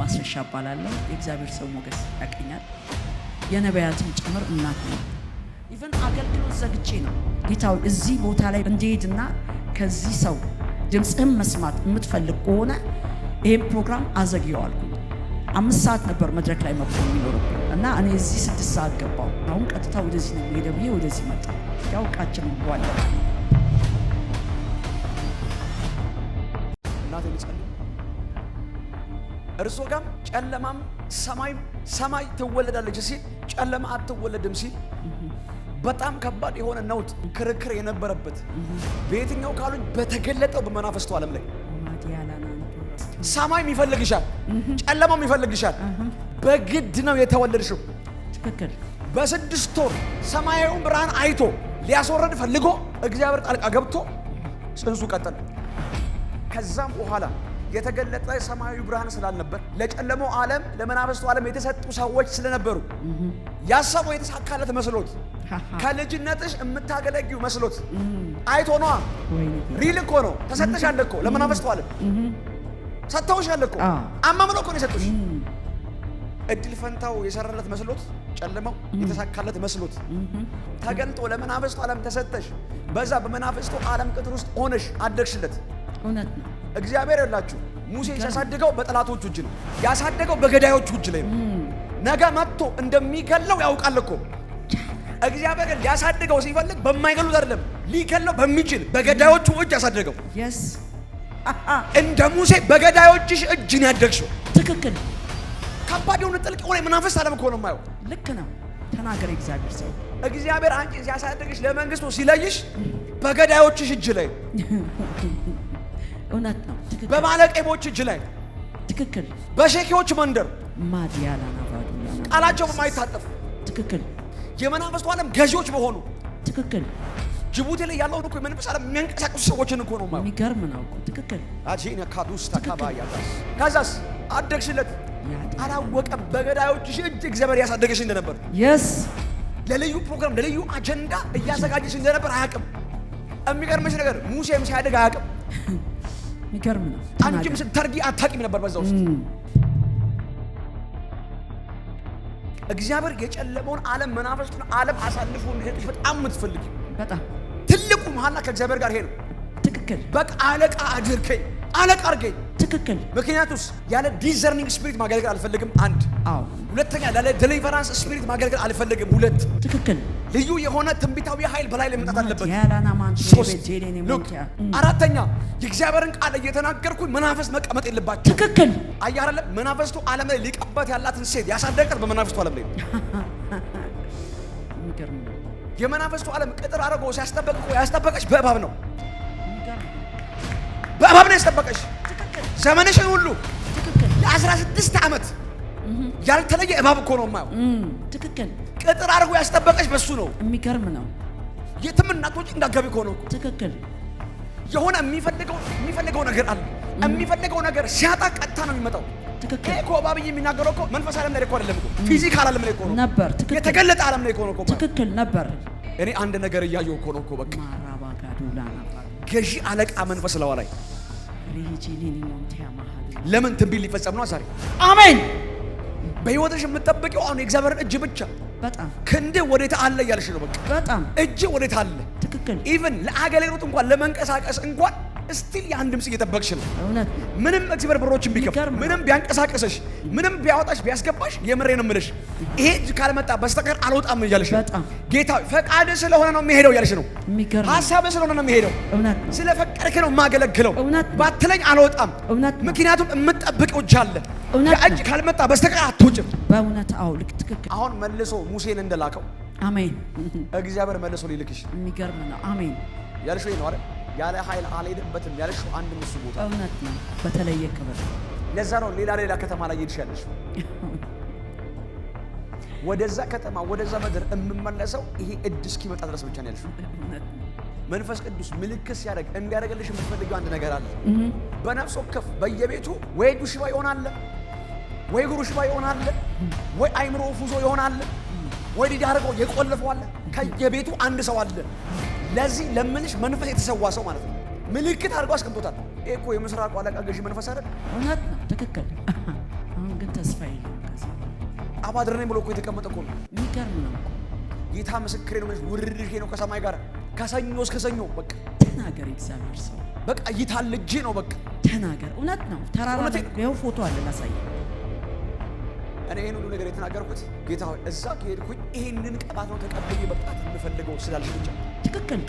ማስረሻ እባላለሁ። የእግዚአብሔር ሰው ሞገስ ያቀኛል። የነቢያትን ጭምር እናት ነው። ኢቨን አገልግሎት ዘግቼ ነው ጌታው እዚህ ቦታ ላይ እንዲሄድና ከዚህ ሰው ድምፅህን መስማት የምትፈልግ ከሆነ ይህም ፕሮግራም አዘግየዋልኩ። አምስት ሰዓት ነበር መድረክ ላይ መብት የሚኖርብን እና እኔ እዚህ ስድስት ሰዓት ገባው። አሁን ቀጥታ ወደዚህ ነው ሄደ ብዬ ወደዚህ መጣ። ያውቃችን ዋለ እርሶ ጋም ጨለማም ሰማይም ሰማይ ትወለዳለች ሲል ጨለማ አትወለድም ሲል በጣም ከባድ የሆነ ነውጥ ክርክር የነበረበት በየትኛው ካሉኝ በተገለጠው በመናፈስቱ ዓለም ላይ ሰማይም ይፈልግሻል፣ ጨለማም ይፈልግሻል። በግድ ነው የተወለድሽው። በስድስት ወር ሰማያዊውን ብርሃን አይቶ ሊያስወረድ ፈልጎ እግዚአብሔር ጣልቃ ገብቶ ጽንሱ ቀጠለ። ከዛም በኋላ የተገለጠ ሰማያዊ ብርሃን ስላልነበር ለጨለመው ዓለም ለመናፈስቱ ዓለም የተሰጡ ሰዎች ስለነበሩ ያሰበው የተሳካለት መስሎት ከልጅነትሽ የምታገለጊው መስሎት አይቶ ነዋ። ሪል እኮ ነው። ተሰጠሽ አለ እኮ ለመናፈስቱ ዓለም ሰጥተውሽ አለ እኮ አማምኖ እኮ ነው የሰጡሽ። እድል ፈንታው የሰራለት መስሎት ጨለመው የተሳካለት መስሎት ተገልጦ ለመናፈስቱ ዓለም ተሰጠሽ። በዛ በመናፈስቱ ዓለም ቅጥር ውስጥ ሆነሽ አደግሽለት። እውነት ነው። እግዚአብሔር ያላችሁ ሙሴ ሲያሳድገው በጠላቶቹ እጅ ነው ያሳደገው፣ በገዳዮቹ እጅ ላይ ነው። ነገ መጥቶ እንደሚገለው ያውቃል እኮ እግዚአብሔር ሊያሳድገው ሲፈልግ በማይገሉት አይደለም፣ ሊገለው በሚችል በገዳዮቹ እጅ ያሳደገው። እንደ ሙሴ በገዳዮችሽ እጅ ነው ያደግሽው። ትክክል። ከባድ የሆነ ጥልቅ የሆነ መናፈስ አለም እኮ ነው የማየው። ልክ ነው። ተናገር እግዚአብሔር ሰው እግዚአብሔር አንቺ ሲያሳድግሽ ለመንግስቱ ሲለይሽ በገዳዮችሽ እጅ ላይ እውነት ነው። በባለቄቦች እጅ ላይ ትክክል። በሼኪዎች መንደር ማዲያላ ቃላቸው በማይታጠፍ ትክክል። የመናፍስቱ ዓለም ገዢዎች በሆኑ ትክክል። ጅቡቲ ላይ ያለውን እኮ የመንፈስ ዓለም የሚያንቀሳቀሱ ሰዎችን እኮ ነው የሚገርም ነው እኮ ትክክል። አጂነ ካዱስ ተካባ ያዳስ ከዛስ አደግሽለት አላወቀም። በገዳዮች እጅ እግዚአብሔር ያሳደገሽ እንደነበር የስ ለልዩ ፕሮግራም ለልዩ አጀንዳ እያዘጋጀሽ እንደነበር አያውቅም። የሚገርምሽ ነገር ሙሴም ሲያድግ አያውቅም። የሚገርም ነው። አንቺም ስተርዲ አታቂም ነበር በዛ ውስጥ እግዚአብሔር የጨለመውን ዓለም መናፈስቱን ዓለም አሳልፎ እንዲሰጥሽ በጣም የምትፈልጊ በጣም ትልቁ መሀላ ከእግዚአብሔር ጋር ይሄ ነው። ትክክል። በቃ አለቃ አድርገኝ አለቃ አድርገኝ። ትክክል። ምክንያቱስ ያለ ዲዘርኒንግ ስፒሪት ማገልገል አልፈልግም። አንድ። አዎ። ሁለተኛ ያለ ዴሊቨራንስ ስፒሪት ማገልገል አልፈልግም። ሁለት። ትክክል። ልዩ የሆነ ትንቢታዊ ኃይል በላይ ላይ መምጣት አለበት። አራተኛ የእግዚአብሔርን ቃል እየተናገርኩኝ መናፈስ መቀመጥ የለባቸው። ትክክል አያረለ መናፈስቱ ዓለም ላይ ሊቀበት ያላትን ሴት ያሳደቀት በመናፈስቱ ዓለም ላይ የመናፈስቱ ዓለም ቅጥር አድርጎ ሲያስጠበቅ ያስጠበቀች በእባብ ነው፣ በእባብ ነው ያስጠበቀች ዘመንሽን ሁሉ ለአስራ ስድስት ዓመት ያልተለየ እባብ እኮ ነው የማየው። ትክክል ቅጥር አድርጎ ያስጠበቀች በሱ ነው። የሚገርም ነው። የትም እናቶች እንዳገቢ ከሆነ ትክክል የሆነ የሚፈልገው የሚፈልገው ነገር አለ። የሚፈልገው ነገር ሲያጣ ቀጥታ ነው የሚመጣው። ትክክል እኮ ባብይ የሚናገረው እኮ መንፈስ ዓለም ላይ እኮ አይደለም እኮ ፊዚካል ዓለም ላይ እኮ ነው ነበር። ትክክል የተገለጠ ዓለም ላይ እኮ ነው እኮ ትክክል ነበር። እኔ አንድ ነገር እያየሁ እኮ ነው እኮ በቃ ገዢ አለቃ መንፈስ ለዋ ላይ ለምን ትንቢት ሊፈጸም ነው ዛሬ። አሜን። በህይወትሽ የምትጠብቂው አሁን የእግዚአብሔርን እጅ ብቻ በጣም ክንድ ወዴት አለ እያልሽ ነው። በቃ በጣም እጅ ወዴት አለ? ትክክል። ለአገልግሎት እንኳን ለመንቀሳቀስ እንኳን ስቲል ያን ድምፅ እየጠበቅሽ ነው። ምንም እግዚአብሔር በሮችን ቢከፍት፣ ምንም ቢያንቀሳቀሰሽ፣ ምንም ቢያወጣሽ ቢያስገባሽ፣ የምሬ ነው የምልሽ ይሄ እጅ ካልመጣ በስተቀር አልወጣም እያለሽ ጌታ ፈቃድ ስለሆነ ነው የሚሄደው እያለሽ ነው። ሀሳብ ስለሆነ ነው የሚሄደው። ስለ ፈቀድክ ነው የማገለግለው ባትለኝ አልወጣም። ምክንያቱም የምጠብቀው እጅ አለ። እጅ ካልመጣ በስተቀር አትወጭም። በእውነት አዎ፣ ልክ ትክክል። አሁን መልሶ ሙሴን እንደላከው አሜን፣ እግዚአብሔር መልሶ ሊልክሽ የሚገርም ነው። አሜን ያልሽ ነው አይደል ያለ ኃይል አልሄድበትም ያለሽ አንድ ምስል ቦታ እውነት ነው። በተለየ ክብር ለዛ ነው ሌላ ሌላ ከተማ ላይ ሄድሽ ያለሽ ወደዛ ከተማ ወደዛ ምድር የምመለሰው ይሄ እድል እስኪመጣ ድረስ ብቻ ነው ያለሽው። መንፈስ ቅዱስ ምልክት ሲያደርግ እንዲያደርግልሽ የምትፈልገው አንድ ነገር አለ። በነፍስ ወከፍ በየቤቱ ወይ እጁ ሽባ ይሆናል፣ ወይ እግሩ ሽባ ይሆናል፣ ወይ አይምሮ ፉዞ ይሆናል፣ ወይ ዲዳርጎ የቆለፈው አለ። ከየቤቱ አንድ ሰው አለ። ለዚህ ለምልሽ መንፈስ የተሰዋ ሰው ማለት ነው። ምልክት አድርጎ አስቀምጦታል። ይሄ እኮ የምስራቁ አለቃ ገዢ መንፈስ አይደል? እውነት ነው፣ ትክክል። አሁን ግን ተስፋ የለም። አባድር ነኝ ብሎ እኮ የተቀመጠ እኮ ነው። የሚገርም ነው። ጌታ ምስክሬ ነው። ውርርሼ ነው ከሰማይ ጋር ከሰኞ እስከ ሰኞ በቃ ተናገር። እግዚአብሔር ሰው በቃ ይታልጄ ነው በቃ ተናገር። እውነት ነው። ተራራ ይኸው ፎቶ አለ ላሳየ እኔ ይህን ሁሉ ነገር የተናገርኩት ጌታ ሆይ እዛ ከሄድኩኝ ይህንን ቅባት ነው ተቀብዬ መምጣት የምፈልገው ስላል ብቻ። ትክክል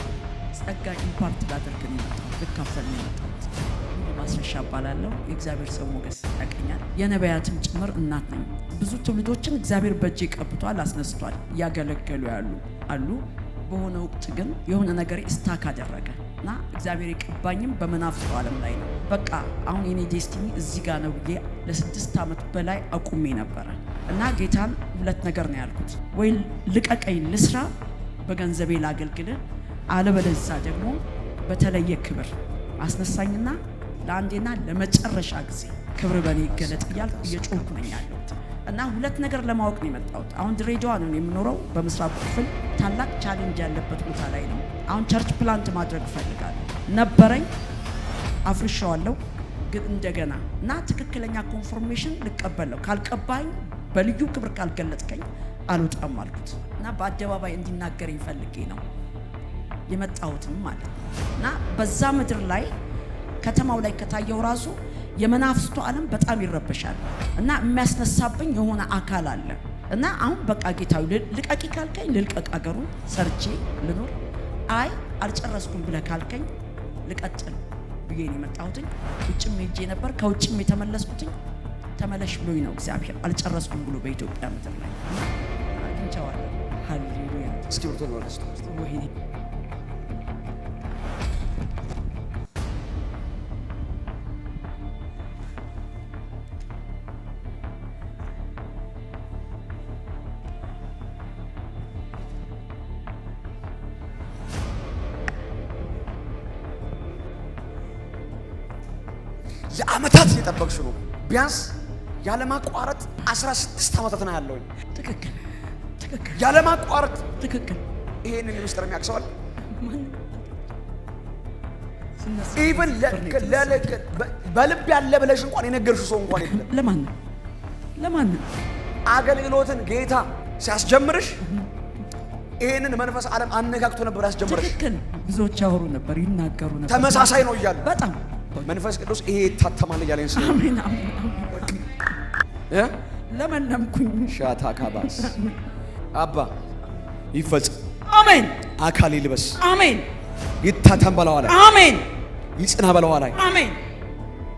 ጸጋ ኢምፓርት ላደርግ ነው የመጣሁት፣ ልካፈል ነው የመጣሁት። ማስረሻ እባላለሁ። የእግዚአብሔር ሰው ሞገስ ያቀኛል። የነቢያትም ጭምር እናት ነኝ። ብዙ ትውልዶችን እግዚአብሔር በእጄ ቀብቷል፣ አስነስቷል። እያገለገሉ ያሉ አሉ። በሆነ ወቅት ግን የሆነ ነገር ስታክ አደረገ። ነውና እግዚአብሔር የቀባኝም በመናፍስቱ ዓለም ላይ ነው። በቃ አሁን የኔ ዴስቲኒ እዚህ ጋር ነው ብዬ ለስድስት ዓመት በላይ አቁሜ ነበረ እና ጌታን ሁለት ነገር ነው ያልኩት፣ ወይ ልቀቀኝ ልስራ፣ በገንዘቤ ላገልግል፣ አለበለዛ ደግሞ በተለየ ክብር አስነሳኝና ለአንዴና ለመጨረሻ ጊዜ ክብር በኔ ይገለጥ እያልኩ ነኝ ያለሁት እና ሁለት ነገር ለማወቅ ነው የመጣሁት። አሁን ድሬዳዋ ነው የምኖረው፣ በምስራቅ ክፍል ታላቅ ቻሌንጅ ያለበት ቦታ ላይ ነው። አሁን ቸርች ፕላንት ማድረግ እፈልጋለሁ ነበረኝ፣ አፍርሻዋለሁ ግን እንደገና እና ትክክለኛ ኮንፎርሜሽን ልቀበለው ካልቀባኝ በልዩ ክብር ካልገለጥከኝ አልወጣም አልኩት እና በአደባባይ እንዲናገር ፈልጌ ነው የመጣሁትም ማለት ነው እና በዛ ምድር ላይ ከተማው ላይ ከታየው ራሱ የመናፍስቱ ዓለም በጣም ይረበሻል እና የሚያስነሳብኝ የሆነ አካል አለ እና አሁን በቃ ጌታዊ ልቀቂ ካልከኝ ልልቀቅ፣ አገሩ ሰርቼ ልኖር። አይ አልጨረስኩም ብለህ ካልከኝ ልቀጥል ብዬ ነው የመጣሁትኝ። ውጭም ሄጄ ነበር ከውጭም የተመለስኩትኝ ተመለሽ ብሎኝ ነው እግዚአብሔር። አልጨረስኩም ብሎ በኢትዮጵያ ምድር ላይ አግኝቼዋለሁ። ሃሌሉያ! ለአመታት እየጠበቅሽ ነው። ቢያንስ ያለማቋረጥ 16 አመታት ነው ያለው። ትክክል ትክክል። ያለማቋረጥ ትክክል። ይሄንን ምስጢር የሚያቅሰዋል ኢቨን በልብ ያለ ብለሽ እንኳን የነገርሽው ሰው እንኳን የለም። ለማን ነው ለማን ነው? አገልግሎትን ጌታ ሲያስጀምርሽ ይህንን መንፈስ ዓለም አነጋግቶ ነበር ያስጀምርሽ። ትክክል። ብዙዎች ያወሩ ነበር፣ ይናገሩ ነበር። ተመሳሳይ ነው እያሉ በጣም መንፈስ ቅዱስ ይሄ ይታተማል እያለኝ ስለ ለመነምኩኝ ሻታ ካባስ አባ ይፈጽም። አሜን። አካል ይልበስ። አሜን። ይታተም በለዋ ላይ አሜን። ይጽና በለዋ ላይ አሜን።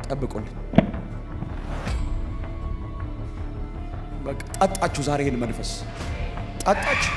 ጠብቁልኝ። በቃ ጠጣችሁ። ዛሬ ይሄን መንፈስ ጠጣችሁ።